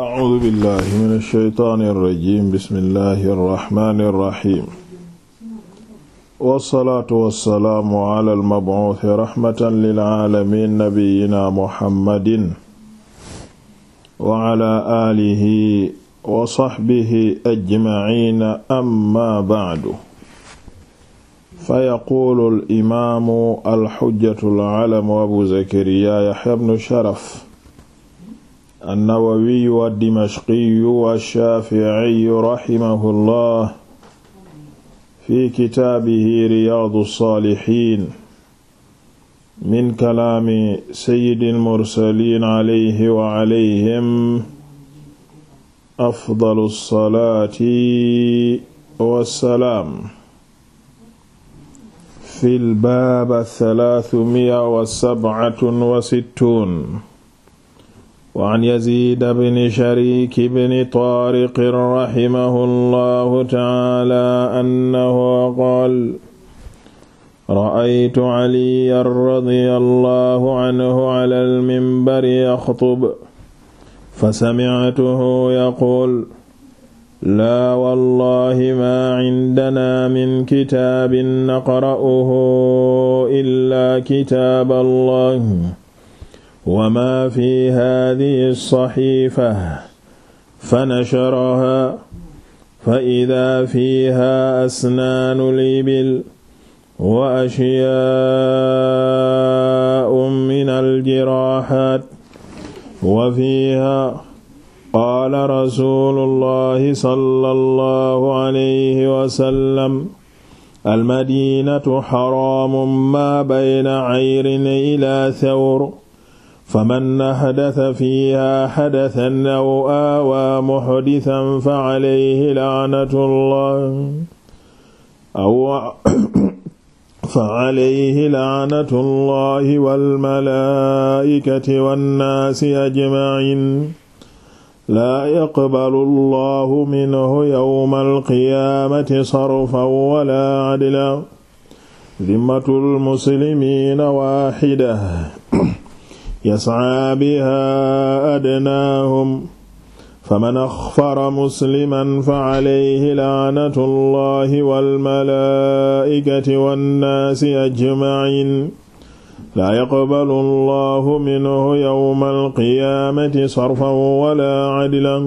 أعوذ بالله من الشيطان الرجيم بسم الله الرحمن الرحيم والصلاة والسلام على المبعوث رحمة للعالمين نبينا محمد وعلى آله وصحبه أجمعين أما بعد فيقول الإمام الحجة العلم أبو زكريا يحيى بن شرف annawawiyu wa dimashqiyu wa shaafiiyu raximahu llah fi kitaabihi riyaadu saalixiin min kalaami sayyidi lmursaliin alayhi wa alayhim afdalu salaati wa salaam fi lbaab salaasumiya wa sabcatun wa sittuun wa an yazid bni sharik bni taariq rahimahu allahu taala annahu qaal ra'aytu caliyan radia allahu canhu cala alminbari yaxtub fasamictuhu yaquul laa wallahi maa cindanaa min kitaabin naqra'uhu illaa kitaaba allah وما في هذه الصحيفة فنشرها فإذا فيها أسنان الإبل وأشياء من الجراحات وفيها قال رسول الله صلى الله عليه وسلم المدينة حرام ما بين عير إلى ثور faman ahdata fiha xadatan aw aawaa muxditan fa calayhi laanatullah aw fa calayhi laanatullahi walmalaa'ikati wannaasi ajmaciin laa yaqbalu allahu minhu yawma alqiyaamati sarfan wala cadlan dimmatul muslimiina waaxida yas'aa bihaa adnaahum faman axfara musliman fa alayhi laanatu allahi walmalaa'ikati wannaasi ajma'iin laa yaqbalu allahu minhu yawma alqiyaamati sarfan wala cadlan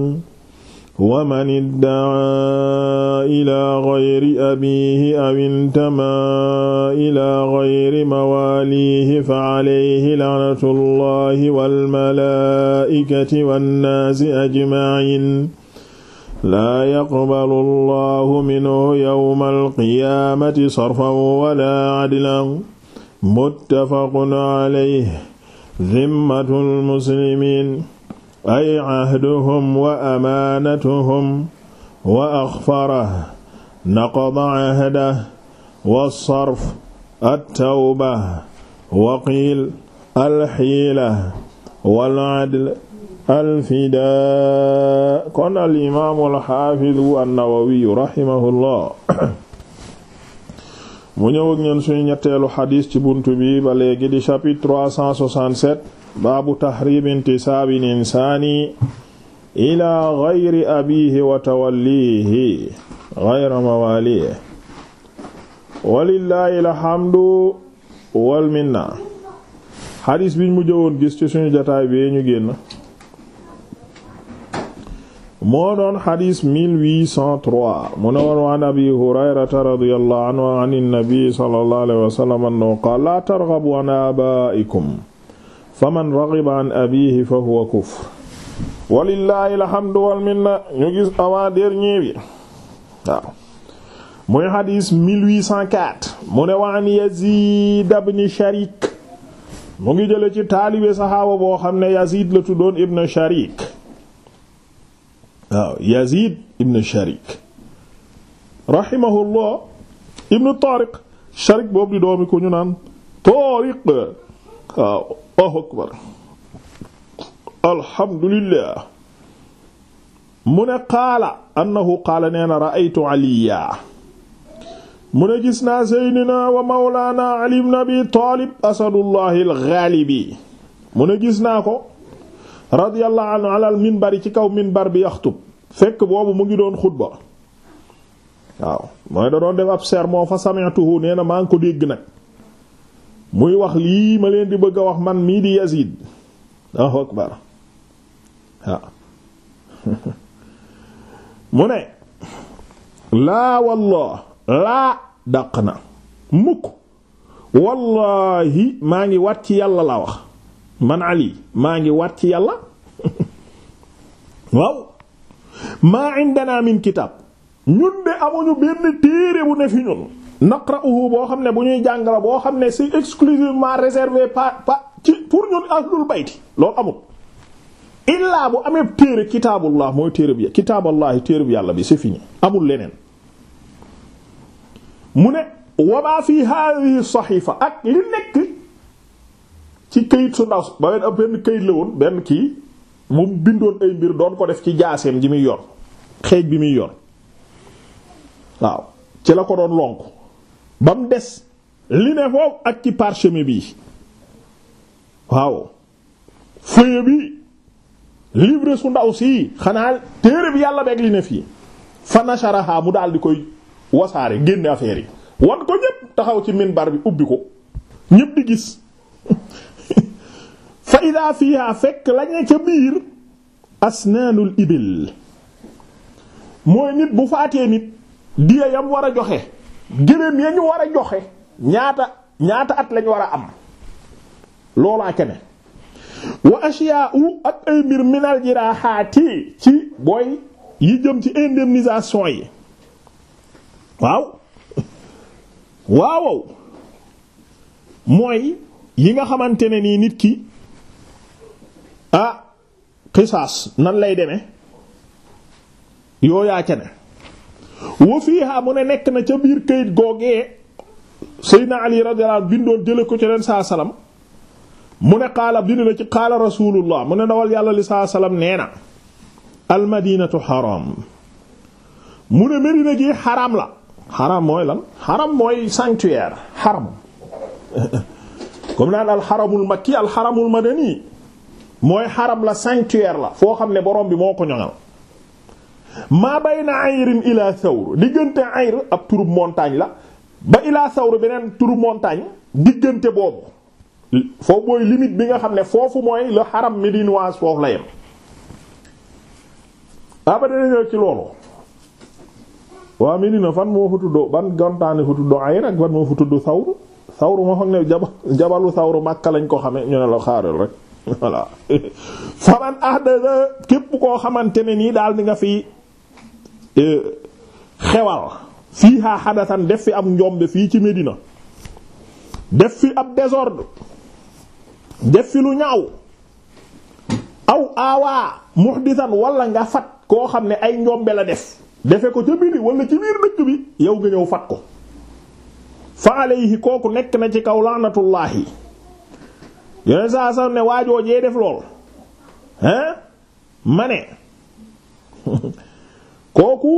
waman iddacaa ilaa gayri abiihi aw intamaa ilaa gayri maw walihi fa alayhi laanatullahi walmalaikati wannaasi ajmain laa yaqbalu allahu minhu yawma alqiyaamati sarfan wala adlan muttafaqun alayhi dhimmatul muslimiin ay cahduhum wa amaanatuhum wa axfarah naqada cahdah wa sarf attawba waqiil alxiila waladl alfida kon alimamu alxafidu annawawiyu rahimahullah mu ñëw ak ñeen suñu ñetteelu xadis ci bunt bi ba léegi di chapitre 367 baabu taxrib intisaabi insaani ila gayri abihi wa tawallihi gayra mawalihi walillahi alhamdu wal minna ci suñu jataay bi ñu génn moo doon xadis 1803 mu abi hurayrata radiyallahu an nabi sallallahu alayhi wa sallam annahu qaala laa targhabu an abaa'ikum faman raghiba an abiihi fa kufr walillahi alhamdu wal minna ñu gis avant dernier muy xadis 1804 mu ne waan Yazid ibn Sharik mu ngi jële ci taalibe saxaaba boo xam ne Yazid la tuddoon ibn Sharik waaw Yazid ibn Sharik rahimahullah ibn Tariq Sharik boobu di doomi ko ñu naan Tariq waaw Allahu akbar alhamdulillah mu ne qaala annahu qaala nee mu ne gis naa seydina wa mawlaana ali ibn taalib asadullahi alxaalibi mu ne gis naa ko radiyallahu anhu alal minbari ci kaw minbar bi yaxtub fekk boobu mu ngi doon xutba waaw mooy da doon def ab sermon fa sami'tuhu nee maa ngi ko dégg nag muy wax lii ma leen di bëgg a wax man mii di Yazid mu ne laa wallah laa dàq na mukk wallaahi maa ngi wat ci yàlla laa wax man ali maa ngi wat ci yàlla waaw maa indana min kitab ñun de amuñu benn téere bu ne fi ñun naqra'uhu boo xam ne bu ñuy jàng la boo xam ne c'est exclusivement réservé par par ci pour ñun ahlul bayti loolu amul illaa bu amee téere kitaabullah mooy téere bi kitaaballahi téere bi yàlla bi c'est fini amul leneen mu ne wama fi hadhihi saxiifa ak li nekk ci këyit su ndaw ba benn këyit la woon benn kii mu bindoon ay mbir doon ko def ci jaaseem ji muy yor xeej bi muy yor waaw ci la ko doon lonk ba mu des li ak ci parchemin bi waaw feuille bi libre su ndaw si xanaa téere bi yàlla beeg li ne fii fa nasharaha mu daal di koy wasaare génne affaire yi wan ko ñépp taxaw ci minbar bi ubbi ko ñépp di gis fa ida fiha fekk lañu ca biir asnaanul ibil mooy nit bu faatee nit diya war a joxe gëléem ya ñu war a joxe ñaata ñaata at lañu war a am loolaa ca ne wa ashiyaa'u ak ay mbir minal jiraahaati ci booy yi jëm ci indemnisation yi waaw waaw mooy yi nga xamante ne nii nit ki ah qisaas nan lay deme yoo yaa ca ne wa mu ne nekk na ca biir kayit googee Seydina Ali radiyallahu anhu bindoon ko ci leen saa salaam mu ne qaala bind na ci qaala rasulullah mu ne dawal yàlla li saa salaam nee na almadinatu xaram mu ne Medina gi xaram la xaram mooy lan xaram mooy sanctuaire xaram comme naan alxaramul makki alxaramul madani mooy xaram la sanctuaire la foo xam ne borom bi moo ko ñoŋal maa na ayrin ila thawr diggante ayr ab turub montagne la ba ila thawr beneen turub montagne diggante boobu foofu mooy limite bi nga xam ne foofu mooy la xaram médinois foofu la yem abadana ah, ñëw ci loolu waa Medina fan moo fa tudd ban gantaane fa tudd Ayr ak ban moo fa tudd Sawr Sawr moo xam ne jabalu sawru Makka lañ ko xame ñu ne la xaaral rek voilà faman képp koo xamante ne nii daal di nga fi e, xewal fii def fi ab njombe fii ci Medina def fi ab désordre fi lu ñaaw aw aawaa muhdisan wala nga fat koo xam ne ay njombe la def defe ko ca biri wala ci biir dëkk bi yow nga ñëw fat ko fa alayhi kooku nekk na ci kaw laanatullaahi yoneen saa sax ne waajoojee def lool hein ma kooku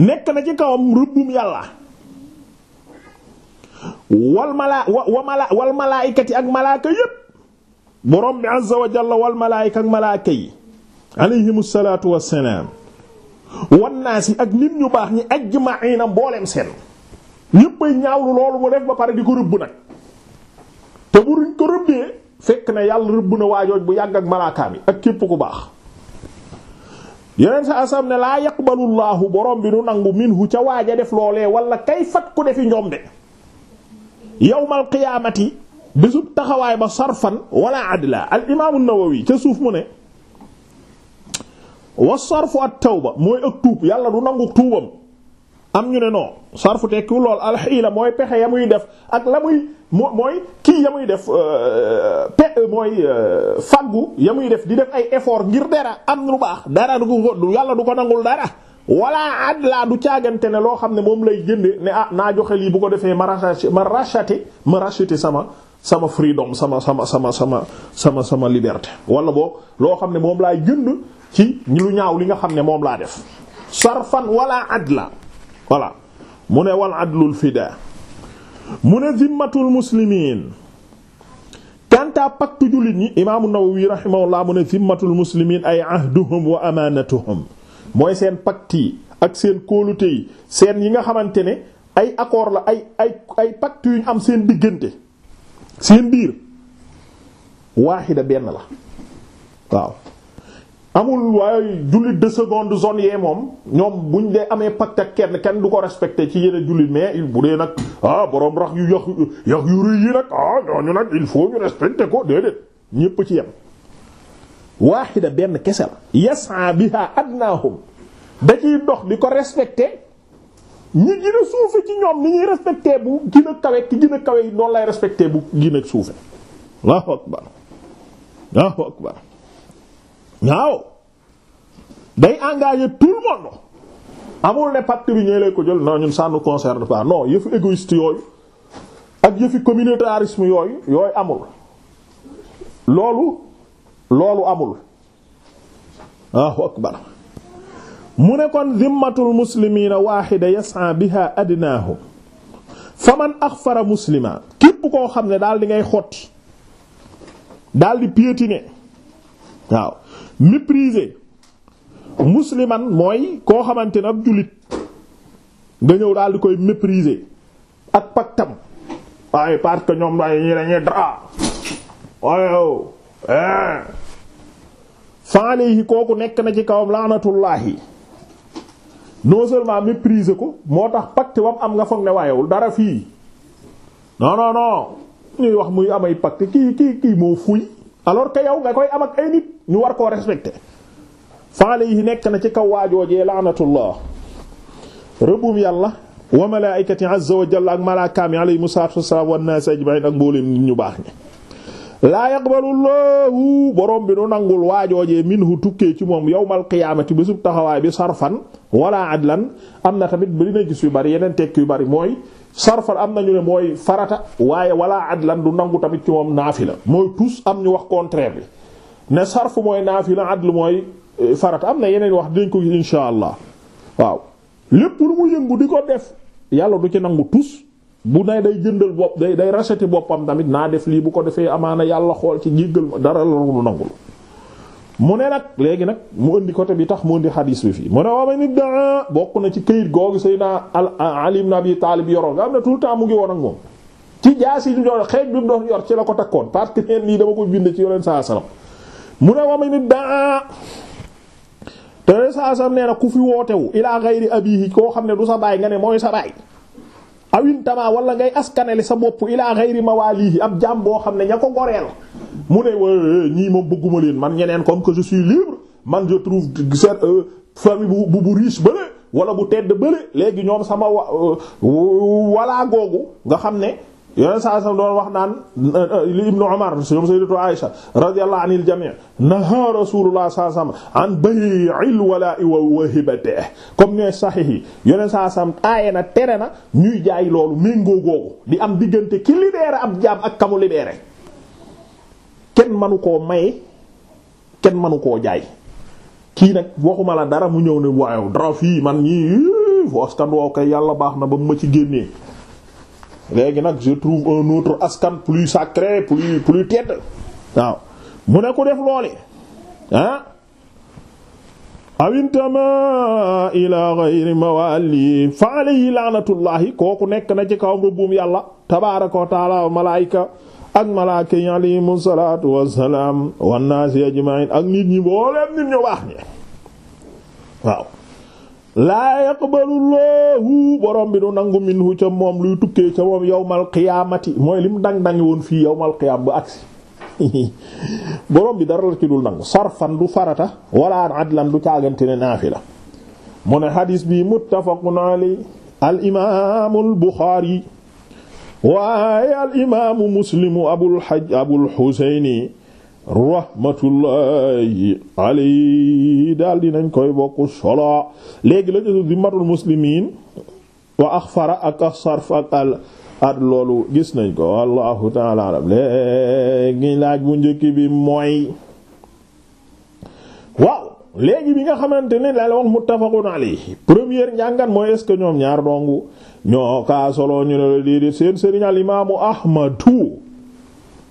nekk na ci kawam rëbbum yàlla wal mala wa malaa wal malaayikati ak malaaka yépp borom bi azza wa jalla wal malaayika ak malaaka yi alayhimu wassalaam wan ak nit ñu baax ñi ajma'iina mboolem seen ñéppay ñaawlu loolu mu def ba pare di ko rëbb nag te bu ruñ ko rëbbee fekk na yàlla rëbb na waajooj bu yàgg ak malaakaam yi ak képp ku baax yeneen sa asam ne laa yaqbalu llaahu borom bi du nangu minhu ca waaja def loolee wala kay fat ku defi njombe yawmal qiyaamati bésub taxawaay ba sarfan wala adla al imaamu Nawawi ca suuf mu ne wa sarfu at tawba mooy ak tuub yàlla du nangu tuubam am ñu ne non sarfu tekkiwul lool alxiila mooy pexe ya muy def ak la muy mooy kii ya muy def euh, pe mooy euh, faggu ya muy def di def ay effort ngir dara am lu baax dara du ko yàlla du ko nangul dara wala adla du caagante ne loo xam ne moom lay jënde ne ah naa joxe lii bu ko defee ma racheté ma racheté sama sama freedom sama sama sama sama sama sama liberté wala boo loo xam ne moom laay jënd ci lu ñaaw li nga xam ne moom laa def sarfan wala adla voilà mu ne wal adlul fida mu ne zimmatul muslimin kanta paktu jullit ñi imaamu Nawawi rahimahullah mu ne zimmatul muslimin ay ahduhum wa amanatuhum mooy seen pacte ak seen kóolute yi seen yi nga xamante ne ay accord la ay ay ay yuñ am seen diggante seen biir waaxida benn la waaw amul waaye jullit de seconde zone yee moom ñoom buñ dee amee pacte ak kenn kenn du ko respecté ci yeneen jullit mais bu dee nag ah boroom rax yu yax yax yu yi nag ah ñooñu nag il faut ñu respecté ko déedéet ñépp ci yem waaxida benn kese la yasa biha adnahum da ciy dox di ko respecté ñi gën suufe ci ñoom ni ñuy respecté bu gën a ki gën a yi noonu lay respecté bu gën a suufe Allahu akbar Allahu akbar waaw day engagé tout amul ne pacte bi ñooy lay ko jël non ñun ça nous concerne pas non yëfu égoïste yooyu ak yëfi communautarisme yooyu yooyu amul loolu loolu amul Allahu akbar mu ne kon zimmatul muslimina waaxida yas'a biha adnaahu faman axfara muslima képp koo xam ne daal di ngay xotti daal di piétiner waaw mépriser musliman mooy koo xamante ne ab jullit nga ñëw daal di koy mépriser ak pactam waaye parce ñoom waaye ñi dañuy dara waaye kooku nekk na ci kawam laanatullaahi non seulement mépriser ko moo tax pacte wam am nga foog ne waayewul dara fii non non non ñuy wax muy amay pacte kii kii kii moo fuy alors que yow nga koy am ak ay nit ñu war koo respecte faale yi nekk na ci kaw waajoojee laanatullah rëbbum yàlla wa malaikati azza wa jalla ak malaakaami alayhimu salaatu wassalaam wan naas ajma'in ak mbooleem nit ñu baax ñi laa yaqbalu llahu borom bi du nangul waajoojee minhu tukkee ci moom yawmal qiyaamati bésub taxawaay bi sarfan wala adlan am na tamit bari na gis yu bari yeneen tekk yu bari mooy sarfan am nañu ne mooy farata waaye wala adlan du nangu tamit ci moom naafila mooy tous am ñu wax contraire bi ne sarf mooy naafila adl mooy eh, farata am na yeneen wax dinañ ko gis insha allah waaw lépp lu mu yëngu di ko def yàlla du ci nangu tous bu nay day jëndal bopp day day racheter boppam tamit naa def lii bu ko defee amaana yàlla xool ci jéggal dara lu nangul mu ne nag léegi nag mu indi côté bi tax mu indi xadiis bi fii mu ne waama nit bokk na ci këyit googu Seydina Ali ibn Abi Taalib yoroon am ne tout le temps mu ngi woon ak moom ci jaas yi ñor xeej bi yor ci la ko takkoon parce que neen lii dama koy bind ci yoleen saa salam mu ne waama nit daa te saa salam nee na ku fi wootewu ilaa gayri abihi koo xam ne du sa baay nga ne mooy sa baay awin tama wala ngay askanele sa bopp ilaa xayri mawalihi ab jàmm boo xam ne ña ko goreel mu ne wa eh, ñii moom bëgguma leen man ñeneen comme que je suis libre man je trouve euh, famille bu bu bu riis bële wala bu tedd bële léegi ñoom sama wa euh, walaa googu nga xam ne yoneen saa sam doon wax naan li ibnu Umar ñoom sayyidatu Aisha radiyallahu anil jami' naha rasulullah sallallahu alayhi wasallam an bay'il wala'i wa wahibatihi comme ne sahih yi yoneen saa sam aaye na tere na ñuy jaay loolu méngoo googu di am diggante ki libéré ab jaam ak kamu libéré kenn manu koo maye kenn manu koo jaay kii nag waxuma la dara mu ñëw ne waaw dara fii man ñii foofu kan woo koy yàlla baax na ba mu ma ci génnee léegi nag je trouve un autre askan plus sacré plus plus waaw mu ne ku def loole ah awintama ila ghayri mawali fa alayhi laanatullahi kooku nekk na ci kaw mbubbum yàlla tabaraka wa taala malayka ak malaaka yi alayhimu salaatu wassalaam wannaasi ajmain ak nit ñi booleem nit ñu baax ñi waaw laa yaqbalu laahu borom bi du nangu minhu ca moom luy tukkee ca moom yawmal qiyaamati mooy lim dang-dangi woon fii yawmal qiyaam ba agsi borom bi dara la ci dul nangu sarfan du farata wala adlan du caagante ne naafila mu ne xadis bi muttafaqun alay al imaamu al buxaari waaye al imaamu muslimu abul haj abul xuseyni rahmatullahi alayhi daal dinañ koy bokk solo léegi la jësu zimmatul muslimiin wa axfara ak as-sarf ak al ad loolu gis nañ ko wallahu taala alam léegi laaj bu njëkk bi mooy waaw léegi bi nga xamante ne la wax muttafaqun alayhi première njàngan mooy est ñoom ñaar dongu ñoo kaa solo ñu ne la déedéet seen sëriñ imaamu ahmadu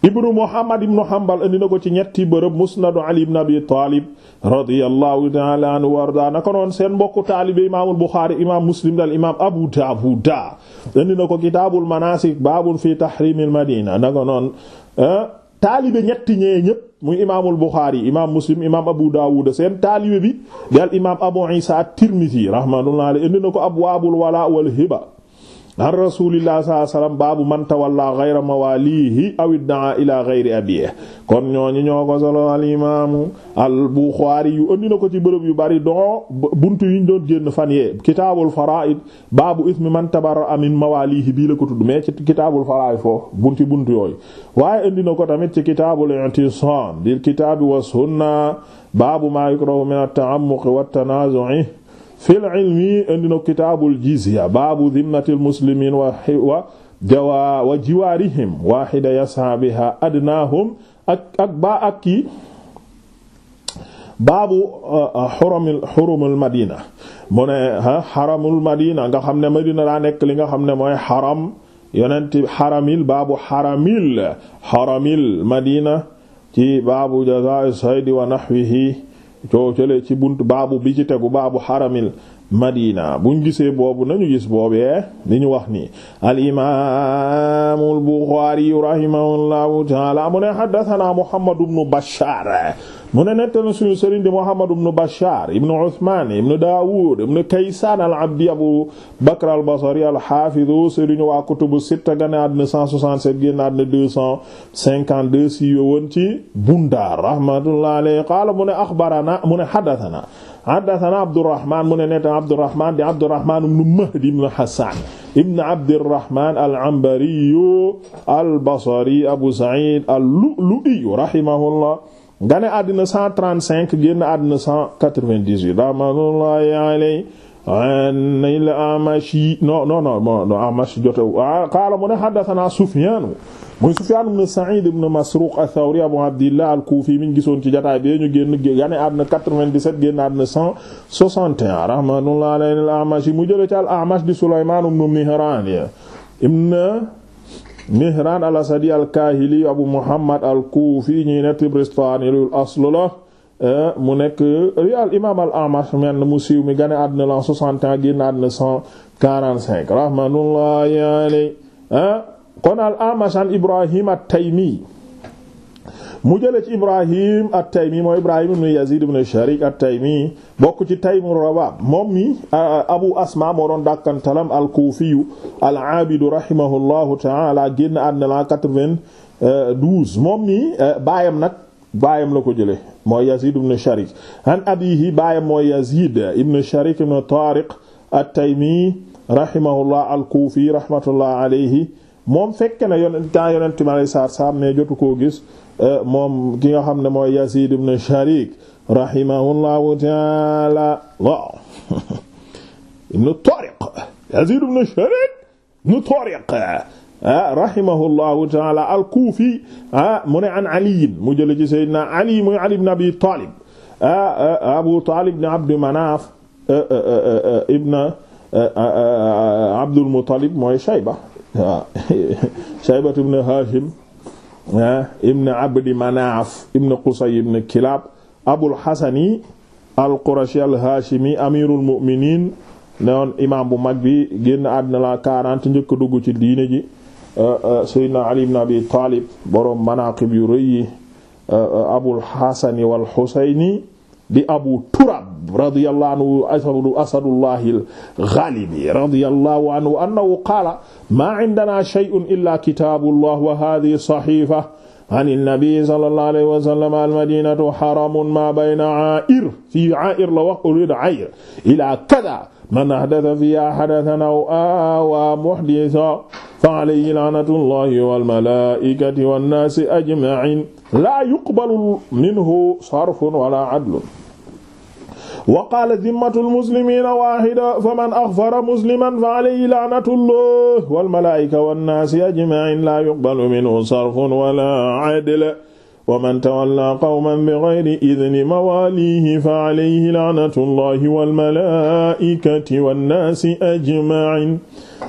ibnu muhammad ibnu hanbal andi na ko ci ñetti bërëb musnadu ali ibn abi taalib radiyallahu ta'ala anhu wa arda noon seen mbokku taalibe imaamul abu daawuda andi ko kitaabul manaasik baabun fi tahriimil madina naka noon eh, taalibe ñetti ñee ñépp muy imaamul abu daawuda seen taalibe bi dal imaam abu isa at-tirmidhi rahmatullahi andi na ko abwaabul walaa wal an rasulillahi sallallahu alayhi wasallam baabu man tawalla ghayra mawalihi aw iddaa ila ghayri abiih kon ñooñu ñoo ko solo al imaamu yu andi na ko ci bërëb yu bari doo buntu yi doon génn fan yee kitaabul faraa'id baabu ismi man tabarra'a min mawalihi bii la ko tudd mais ci kitaabul faraa'id foofu buntu buntu yooyu waaye andi na ko tamit ci kitaabul i'tisaam bil kitaabi wa sunna baabu maa yukrahu min at-ta'ammuq wa at fil ilmi indi na kitaabul jizya baabu dimmatil muslimiin wa jawaa wa jiwaarihim waahida yas'a biha adnaahum ak ak baa ak kii baabu xurumil uh, uh, xurumul madina mu ne xaramul madina nga xam ne madina daa nekk li nga xam ne mooy xaram yonent xaramil baabu xaramil xaramil madina ci baabu jazaa'i saydi wa nahwihi coo cële ci bunt baabu bi ci baabu xaramil Madina buñ gisee boobu nañu gis boobee li ñu wax ni al imaamu al Buxaari rahimahullahu mu ne haddathana mu ne nettali suñu sëriñ di Muhammad ibn Bashar ibn Uthman ibn Daawud ibn Kaysaan al-Abdi Abu Bakr al-Basri al-Haafiz sëriñ waa kutubu gane àddina 167 génn àddina 252 ci Bundaar rahmatullahi alayhi qaala mu ne axbarana mu ne haddathana haddathana Abdurrahman mu ne net Abdurrahman di Abdurrahman ibn Mahdi ibn Hassan ibn Abdurrahman al-Anbari al-Basri Abu Sa'id al-Lu'lu'i rahimahullah gane àddina 135 génn àddina 198 rahmatullahi alayhi anil Amashi non non non non na jotew ah, qaala mu ne haddathana Sufyaan muy Sufyaan ibn Sa'iid ibn thawri Abu Abdillah al-Kuufi mi ñu gisoon ci jotaay bi ñu génn gane àddina 97 génn àddina 161 rahmatullahi amashi mu jëlee ci al-Amash di Sulaymaan ibn Mihraan ibn Mihraan al-Asadi al-Kaahili Abu Muhammad al-Kuufi ñuy net Bistami al la Euh, mu nekk euh, al imaam al Amash mel mu siiw mi gane àddina la 60 ans àddina 145 rahmatullahi kon al Amash an Ibrahim at-Taymi mu jëlee ci Ibrahim at-Taymi mooy Ibrahim ibn Yazid Sharik at-Taymi bokk ci Taymur Rawaab moom mi Abu Asma moo doon dàkkantalam al-Kufiyu al-Aabidu rahimahullahu ta'ala génn àddina la moom mi euh, baayam nag baayam la ko jële mooy Yazid ibn Sharik an abiihi Tariq at-Taymi rahimahullah al-Kufi rahmatullah alayhi moom fekk na yon temps yonent jotu koo gis euh, moom ki nga xam ne mooy Yazid ta'ala waaw Tariq Yazid ibn Tariq ah rahimahullahu taala al-Kufi ah mu ne an Ali mu jëlee ci Seydina Ali muy Ali ibn Abi Talib ah, ah Abu Talib ibn Abd Manaf ah, ah, ibn Abdul Muttalib mooy Shayba waaw Shayba ibn Hashim ibn Abd Manaf ibn Qusay ibn Kilab Abul Hasani al-Qurashi al-Hashimi amirul mu'minin ne woon imaam bu mag bi génn àddina la 40 njëkk dugg ci diine ji. Eh, eh, Seydina Ali ibn Abi Taalib boroom manaqib yu rëy yi eh, Abul Xasani wal Xusayni di Abu Turab radiyallahu anhu asadu asadullahil ghalibi radiyallahu anhu annahu qaala maa indanaa shay'un illaa kitaabullah wa haadhihi sahiifa ani nabi sallallahu alayhi wa sallam al-madiinatu haramun maa bayna aa'ir fii aa'ir la wax au lieu de aa'ir ilaa kadaa man ahdatha fiha hadathan aw awa muhdithan fa alayhi la'natullahi wal malaa'ikati wan naasi ajma'iin laa yuqbalu minhu sarfun wala adlun wa qaala dhimmatul muslimiina waahida faman aghfara musliman fa alayhi la'natullahi wal malaa'ikati wan naasi ajma'iin laa yuqbalu minhu sarfun wala adlun wa man tawalla qawman bighayri idni mawalihi fa alayhi la'natullahi wal malaa'ikati wan naasi ajma'in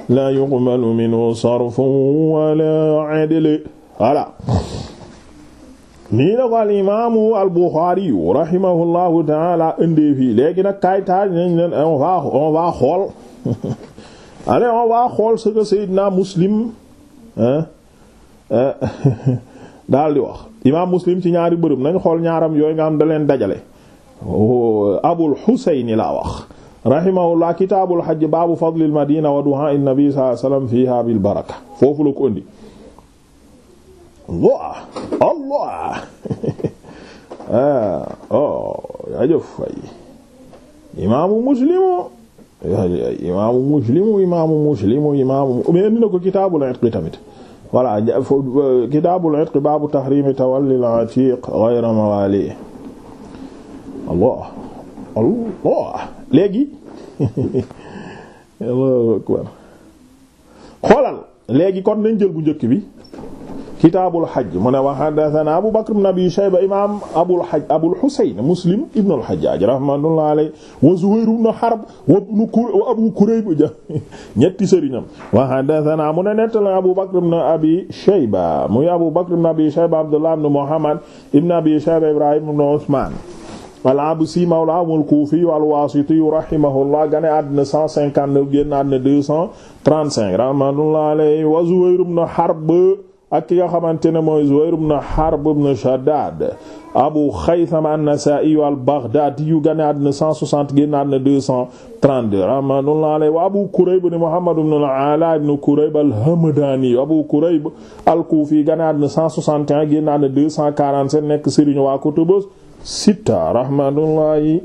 la yuqbalu minhu sarfun wala 'adlun voilà nii la ko al imaamu al Buxaari yu rahimahullahu ta'ala indee fii léegi nag kaay taaj nañ leen on va on va xool allez on va xool ce que Seydina Muslim hein daal di wax imaam muslim ci ñaari bërëb nañ xool ñaaram yooyu nga am da leen dajale abul xuseyni laa wax rahimahullah kitaabul hajj baabu fadlil madina wa duhaa in foofu la ko indi allah allah ah oh jaajëf fay imaamu muslimu imaamu muslimu imaamu muslimu imaamu mais indi na ko kitaabul itq tamit voilà euh, kitaabul itq baabu tahrimi tawallil atiq ghayra mawali allah allah léegi xoolal léegi kon nañ jël bu njëkk bi kitaabul hajj mu ne wa haddathana Abu Bakr ibn Abi Shayba imaam Abul Hajj Abul Husayn Muslim ibn al-Hajjaj rahmatullahi alayhi wa Zuhayr ibn Harb wa ibn wa Abu Kurayb ñetti sëriñam wa haddathana mu ne nettali Abu Bakr ibn Abi Shayba muy Abu Bakr ibn Abi Shayba Abdullah ibn Muhammad ibn Abi Shayba Ibrahim ibn Uthman al-Absi mawlaahum al-Kufi al-Wasiti rahimahullah gane àddina 159 génn àddina 235 rahmatullahi alayhi wa Zuhayr ibn Harb ak ki nga xamante ne mooy Zuhayr ibn Harb ibn Shaddad Abu Khaytham an-Nasa'i al-Baghdadi yu gane àddina 160 génn àddina 232 rahmatullahi alayhi wa Abu Kurayb ni Muhammad ibn al-Ala ibn Kurayb al-Hamdani Abu Kurayb al-Kufi gane àddina 161 génn àddina 247 nekk sëriñ waa kutubu sitta rahmatullahi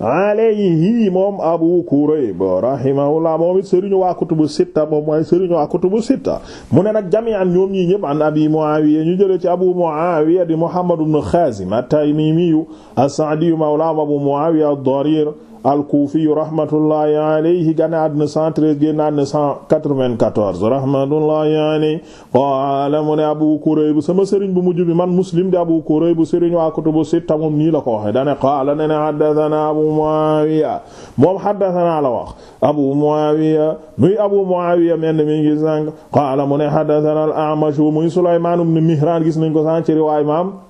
alayhi moom Abu Kurayb rahimahullah moom it sëriñu waa kutubu sitta moom mooy sëriñu waa kutubu sitta mu ne nag jami'an ñoom ñii ñëpp an Abi Muawiya ñu jëlee ci Abu Muawiya di Muhammad ibn Khazim at-Tamimi as-Sa'di mawla Abu Muawiya ad-Darir al-Kufi rahmatullahi alayhi gane àddina 113 génn àddina 194 rahmatullahi alayhi qaala mu ne Abu Kurayb sama sëriñ bu mujj bi man Muslim di Abu Kurayb bu waa kutubu sitta moom nii la ko waxe dane qaala ne ne haddathana Abu Muawiya moom haddathana la wax Abu Muawiya muy Abu Muawiya mel mi ngi sànq qaala mu muy Sulaymaan ibn Mihraan gis nañ ko sànq ci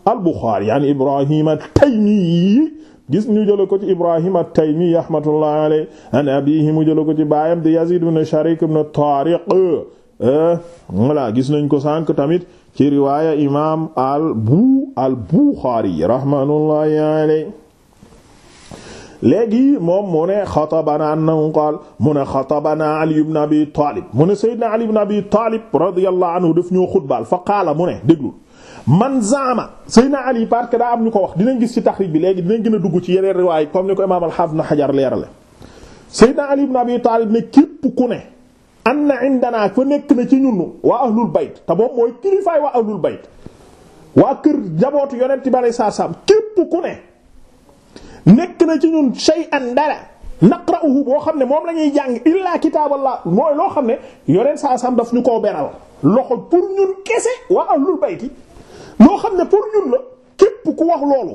al-Bukhari yani Ibrahim at-Taymi gis ñu jëla ko ci ibrahim at-taymi rahmatullahi alayhi an abihi mu jëla ko ci baayam di yazid ibn sharik ibn tariq eh, voilà gis nañ ko sànq tamit ci riwaaya imam al bu al buxaari rahmatullahi alayhi léegi moom mu ne xatabana annahu qaal mu ne xatabana ali ibn abi talib mu ne sayyidina ali ibn abi talib radiyallahu anhu daf ñoo xutbal fa qaala mu ne déglu man zaama Seydina Ali parce que daa am ñu ko wax dinañ gis ci taxrij bi léegi dinañ gën a dugg ci yeneen riwaay comme ni ko imaam al-Hafiz na Hajar leerale Seydina Ali ibn Abi Taalib ne képp ku ne anna nekk na ci ñun waa ahlul bayt te boobu mooy kilifaay waa ahlul bayt waa kër saa saam képp ku na ci ñun shay'an dara naqra'uhu boo xam ne moom lañuy ñuy jàng illaa kitaaballah mooy loo xam ne yonent saa saam daf ñu koo beral loxo pour ñun kese waa ahlul bayt loo xam ne pour ñun la képp ku wax loolu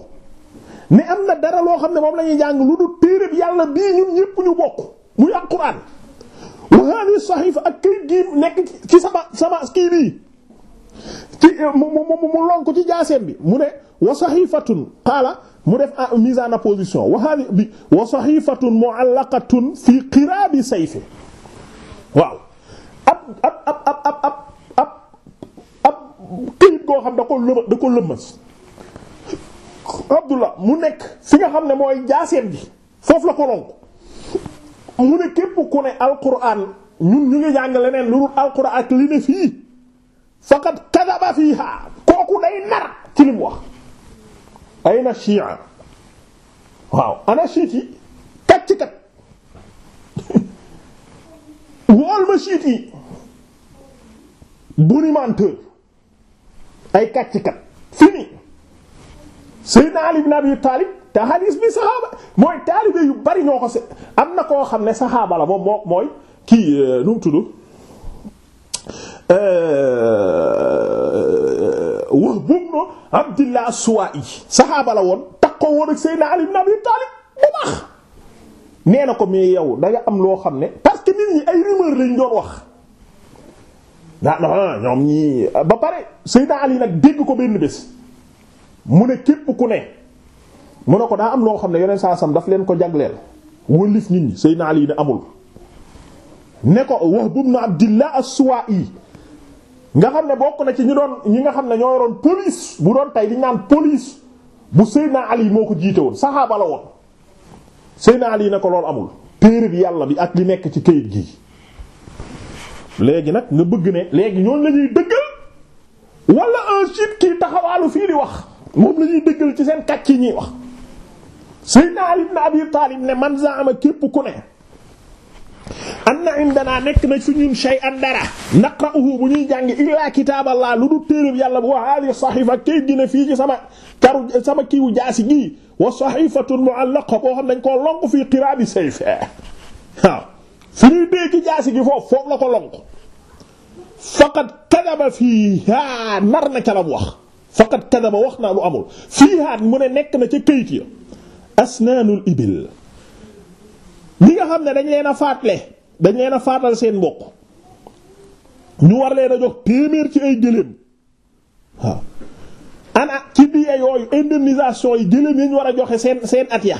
mais am na dara loo xam ne moom lañuy ñuy jàng lu dul téereb yàlla bii ñun ñépp ñu bokk muy alquran wa hadhihi sahifa ak këy gii nekk ci sama sama kii bii ci eh, mu mu mu lonk ci jaaseem bi mu ne wa sahifatun qaala mu def ah, mise en opposition wa hadhihi bi wa sahifatun mu'allaqatun fi qirabi sayfi waaw ab ab ab ab ab këyit goo xam da ko lëma da Abdullah mu nekk fi nga xam ne mooy jaaseet bi foofu la ko lonk mu ne képp ku ne alquran ñun ñu ngi jàng leneen lu dul alquran ak li ne fii faqad kadaba fiha kooku day nar ci li wax ayna shi'a waaw yi kat ci kat wool ma chiit yi bonimenteur ay kàcckat fini Seydina Ali ibn Abi Talib te hadis bi saxaaba mooy taalibe yu bari ñoo ko se am na koo xam ne saxaaba la moom moo mooy kii euh, nu mu tudd euh, Wahb ibn Abdillah as-Suwa'i saxaaba la woon takkoo woon ak Seydina Ali ibn Abi Talib bu baax nee na ko mais yow da am loo xam ne parce que nit ñi ay rumeur lañ doon wax. daa non ñoom ñi ah, ba pare Seydina Ali nag dégg ko benn bés mu ne képp ku ne mu ne ko daa am loo xam ne yeneen saa sam daf leen ko jagleel wëlif nit ñi Seydina Ali ne amul ne ko Wahb ibn Abdillah as-Suwa'i nga xam ne bokk na ci ñu doon ñi nga xam ne ñoo yoroon police bu doon tey di naan police bu Seydina Ali moo ko jiite woon saxaaba la woon Seydina Ali ne ko loolu amul téere bi yàlla bi ak li nekk ci kayit gi léegi nag nga bëgg ne léegi ñooñu la ñuy dëggal wala un chiite kii taxawaalu fii di wax moom la dëggal ci seen kàcc yi ñuy wax Seydina Ali ibn Abi Talib ne man zaama képp ku ne anna indana nekk na fi ñun shay'an dara naqra'uhu bu ñuy jàng illa kitaaballah lu du téeréb yàlla bu wa hadi sahifa kay gine fii ci sama karu sama kiiwu jaasi gii wa sahifatun mu'allaqa boo xam nañ koo lonk fii qiraabi sayfa waaw jaasi gi foofu foo la ko lonk faqad kadaba fiihaa nar na ca la mu wax faqad kadaba wax naa lu amul fiihaa mu ne nekk na ca këyit ya asnaanul ibil li nga xam ne dañ leen a faatle dañ leen a faatal seen mbokk ñu war leen a jox téeméer ci ay gëléem ana ci biir yooyu indemnisation yi gëléem yi ñu war a joxe seen seen at ya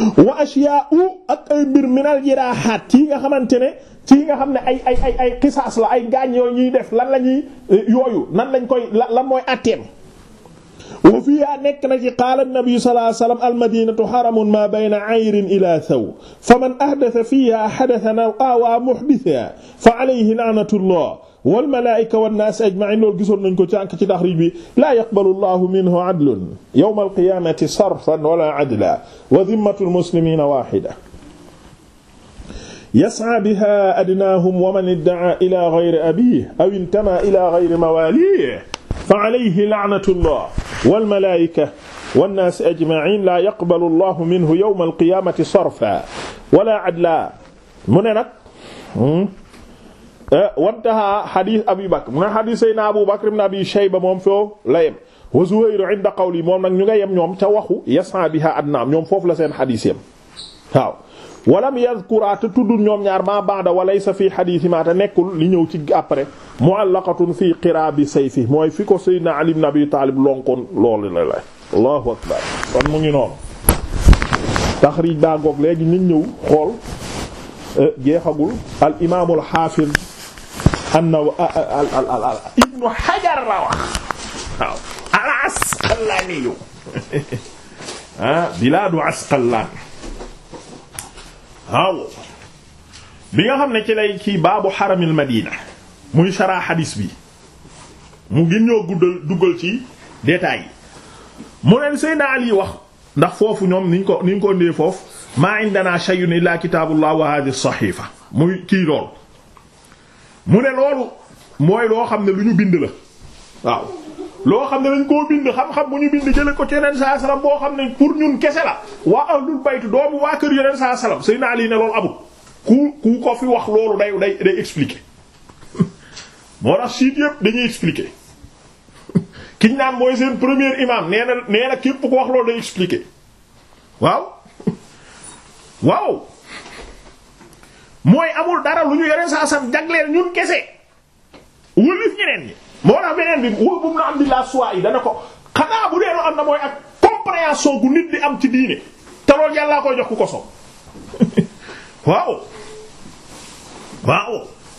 wa ashya'u ak ay mbir minal jiraahaat yi nga xamante ne ci nga xam ne ay ay ay la ay gaañ yooyu ñuy def lan la eh, yooyu nan lañ koy lan mooy atteem wa fiiha nekk na ci qaala nabi sallallahu alayhi wasallam almadinatu xaramun ma bayna ayrin ila thaw fa man ahdatha fiiha hadathan aw awa muhdithan fa alayhi la'natullah wal malaa'ika wan naas ajma'in loolu gisoon nañ ko cànk ci taxrij bi laa yaqbalu Allahu minhu adlun yawma al-qiyaamati sarfan wala adlan wa dhimmatu al-muslimiina waahida yas'aa bihaa adnaahum wa man idda'a ilaa ghayri abiihi aw intamaa ilaa ghayri mawaaliihi fa alayhi la'natu Llahi wal malaa'ikati wan naasi ajma'iin laa yaqbalu Allahu minhu yawma al-qiyaamati sarfan wala adlan mu ne nag hmm? Eh, wantaha xadis Abu Bakr mu ne xadis Seydina Abu Bakr ibn Abi Shayba moom foo la yem wa Zuhayr inda qawli moom nag ñu nga yem ñoom ca waxu yasa biha adnaam ñoom foofu la seen xadis yem waaw walam yadkura te tuddul ñoom ñaar ma ba'da wa laysa fii xadisima te nekkul li ñëw ci après mu'allaqatun fii qiraabi sayfi mooy fi ko Seydina Ali ibn Abi Taalib lonkoon loolu la la Allahu akbar kon mu ngi noonu taxriij baa goog léegi ñu ñëw xool eh, jeexagul al anna ibnu Hajar la wax waaw al Asqalaani yu ah bilaadu Asqalaan waaw bi nga xam ne ci lay kii baabu xaramil Madina muy sharah hadis bi mu gën ñoo guddal duggal ci détails yi mu neen Seydina Ali wax ndax foofu ñoom niñ ko niñ ko ndee foofu maa indana shay'un illa kitaabullah wa hadhihi as-sahifa muy kii lool mu ne loolu mooy loo xam ne lu ñu bind la waaw loo xam ne dañ koo bind xam-xam bu ñu bind jële ko ci yeneen saa salaam boo xam ne pour ñun kese la waa ahlul bayt doomu waa kër yeneen saa salaam sëy naa lii ne loolu amul ku ku ko fi wax loolu day day day expliquer moo tax siit yëpp dañuy expliquer kiñ naan mooy seen premier imam nee na nee na képp ko wax loolu day expliquer waaw waaw mooy amul dara lu ñu yore saa sam jagleel ñun kese wëlif ñeneen ñi moo beneen bi wóor bu mu la am di la ko xanaa bu dee lu am na mooy ak compréhension gu nit am ci diine te loolu yàllaa jox ku ko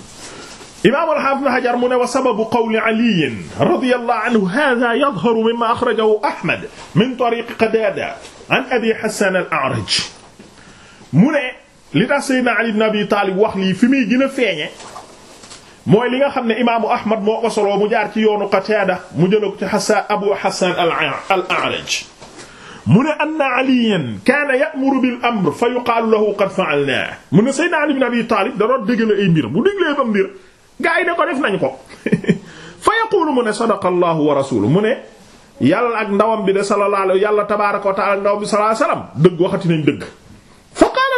imaam al-Hafiz Hajar mu ne wa sababu qawli Ali radiyallahu anhu haaza yadharu mimma akhrajahu Ahmad min tariiq Qadaada an li tax Seydina Ali ibn Abi Taalib wax lii fi muy gën a feeñe mooy li nga xam ne imaamu Ahmad moo ko soloo mu jaar ci yoonu Qataada mu jëla ko ci Hasan Abu Hasan al-A'raj mu ne anna aliyan kaana ya'muru bil amr fa yuqaalu lahu qad fa'alnaa mu ne Seydina Ali ibn Abi Taalib da doon dégg la ay mbir bu déglee ba mbir gaa yi ne ko def nañ ko fa yaquulu mu ne sadaqa Allahu wa rasuuluhu mu ne yàlla ak ndawam bi de sallallahu alayhi yàlla tabaaraka wa ta'aala bi sallallahu alayhi wa dëgg waxati nañ dëgg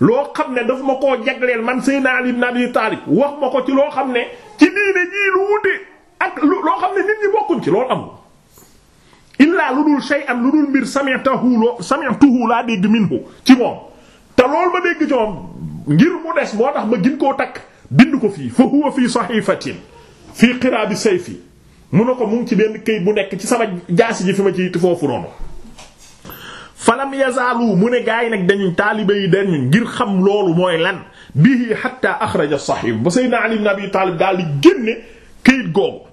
loo xam ne daf ma ko jagleel man Seydina Ali ibn Abi Talib wax ma ko ci loo xam ne ci diine jii lu wute ak loo xam ne nit ñi bokkuñ ci loolu am illaa lu dul shay'an lu dul mbir sami'tahu loo sami'tuhu laa dégg minhu ci moom te lool ma dégg ci moom ngir mu des moo tax ma gin koo takk bind ko fii fa huwa fii sahifatin fii sey sayfi mu ne ko mu ci benn këyit bu nekk ci sama jaasi ji fi ma ci foofu noonu falam yazaalu mu ne gaa yi nag dañuñ taalibe yi dañuñ ngir xam loolu mooy lan bihi hatta axraja saxiix ba Seydina Ali ibn Abi Taalib daal di génne këyit googu